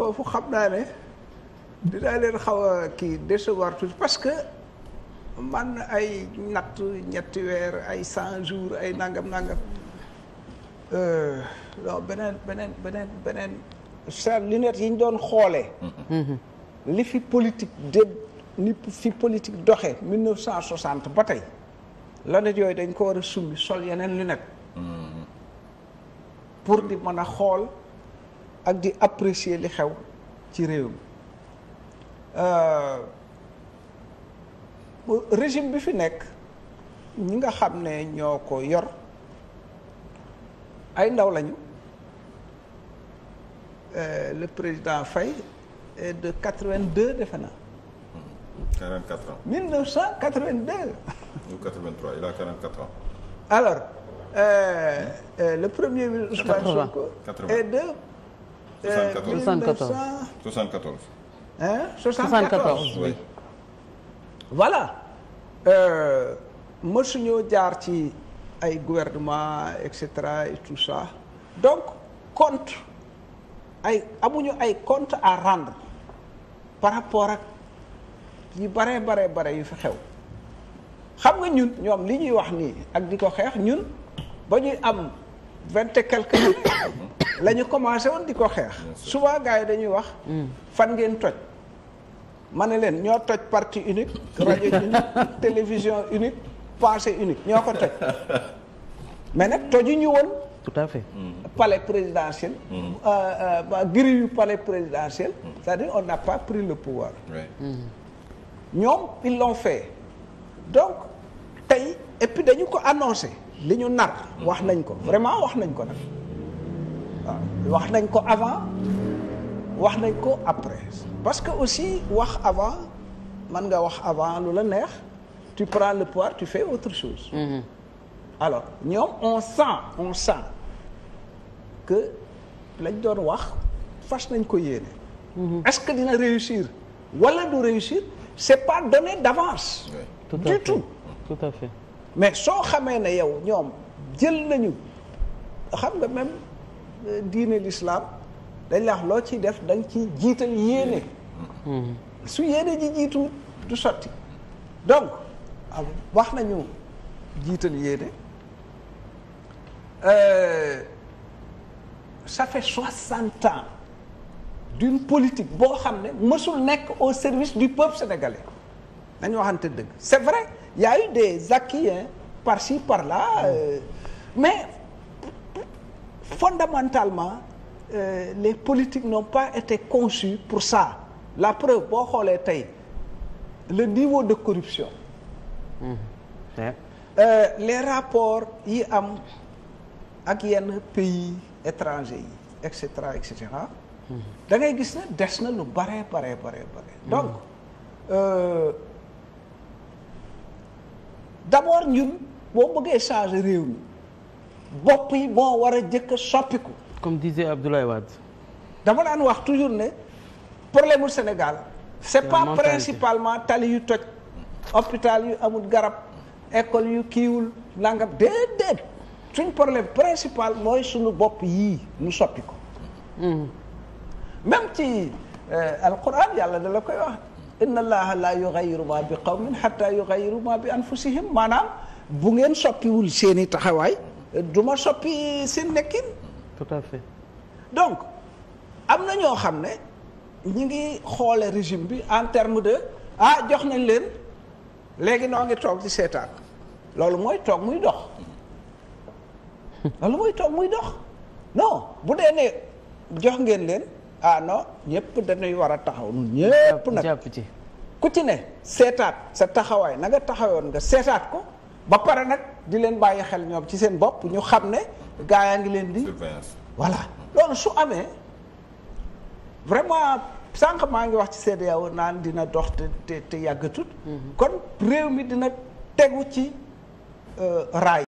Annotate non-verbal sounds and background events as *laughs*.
foofu xam naa ne dinaa leen xaw a kii décevoir tuuti parce que man ay natt ñetti weer ay cent jours ay nangam nangam euh, non beneen beneen beneen beneen sa lunette yi ñu doon xoolee mm-hmm. li fi politique de ni fi politique doxee mille neuf cent soixante ba tey lunette yooyu dañ ko war a summi sol yeneen lunette mm-hmm. pour di mën a xool ak di apprécier li xew ci réew mi euh, régime bi fi nekk ñi nga xam ne ñoo ko yor ay ndaw lañu euh, le président Faye est de quatre-vingt-deux defe naa. quarante-quatre ans. mille neuf cent quatre alors euh, le premier ministre Ousmane Sonko de. 74 74 74. Hein? 74 oui. voilà euh, mësuñoo jaar ci ay gouvernement et cetera et tout donc compte ay amuñu ay compte à rendre par rapport ak yu bare bare bare yu fi xew xam nga ñun ñoom li ñuy wax nii ak di ko xeex ñun ba ñuy am vingt et quelques lañu ñu commencé woon di ko xeex souvent gars yi dañuy wax mm. fan ngeen toj ma ne leen ñoo toj parti unique rajo *laughs* unique télévision unique pensée unique ñoo ko toj mais nag toju ñu woon tout à fait mm. palais présidentiel mm. euh, euh, giri yu palais présidentiel c'est-à-dire on n'a pas pris le pouvoir ñoom ils l'ont fait donc tey et dañu ko annoncé li ñu nar wax nañ ko vraiment wax nañ ko nag waaw wax nañ ko avant wax nañ ko après parce que aussi wax avant mën nga wax avant lu la neex tu prends le poir tu fais autre chose mhm. alors ñoom on sent on sent que lañ doon wax fas nañ ko yéene mhm. est-ce que dina réussir wala du réussir c'est pas donné d'avance oui. du tout tout à fait mais soo xamee ne yow ñoom jël nañu xam nga même diine lislaam dañ la wax loo ciy def dañ nga ciy jiital yéene su yéene ji jiitu du sotti donc wax nañu jiital yéene euh, ça fait soixante ans d'une politique boo xam ne mësul nekk au service du peuple sénégalais nañu waxante dëgg c'est vrai il y a par-ci par-là euh, mais fondamentalement euh, les politiques n'ont pas été conçues pour ça la preuve boo xoolee tey le niveau de corruption mmh. yeah. Euh, les rapports yi am ak yenn pays étrangers yi et cetera mm-hmm. ngay gis ne des na lu bare bare bare donc mm-hmm. euh, d'abord ñun boo bëggee changer réew bopp yi moo war a jëkk a soppiku. comme disait Abdoulaye Wade. dama daan wax toujours ne problème mu Sénégal. c'est pas principalement tali yu toj. hôpital yu amul garab école yu kiiwul nangam déedéet suñ problème principal mooy sunu bopp yii mu soppi ko. Hmm. même ci euh, alquran yàlla da la koy wax. inna allaha la yughayyiru ma bi qawmin hatta yughayyiru ma bi anfusihim maanaam bu ngeen soppiwul seeni taxawaay. du soppi seen nekkin. tout à fait. donc am na ñoo xam ne ñi ngi xoole régime bi en terme de ah jox nañ leen léegi noo ngi toog ci seetaat loolu mooy toog muy dox loolu mooy toog muy dox non bu dee ne jox ngeen leen ah non ñëpp dañuy war a taxaw ñun ñëpp nag jàpp ci ku ci ne seetaat sa taxawaay na nga taxawoon nga seetaat ko ba pare nag di leen bàyyi xel ñoom ci seen bopp ñu xam ne gaa yaa ngi leen di. voilà loolu su amee vraiment sànq maa ngi wax ci sedd CEDEAO naan dina dox te te te yàggatut. Mm-hmm. kon réew mi dina tegu ci euh, raay.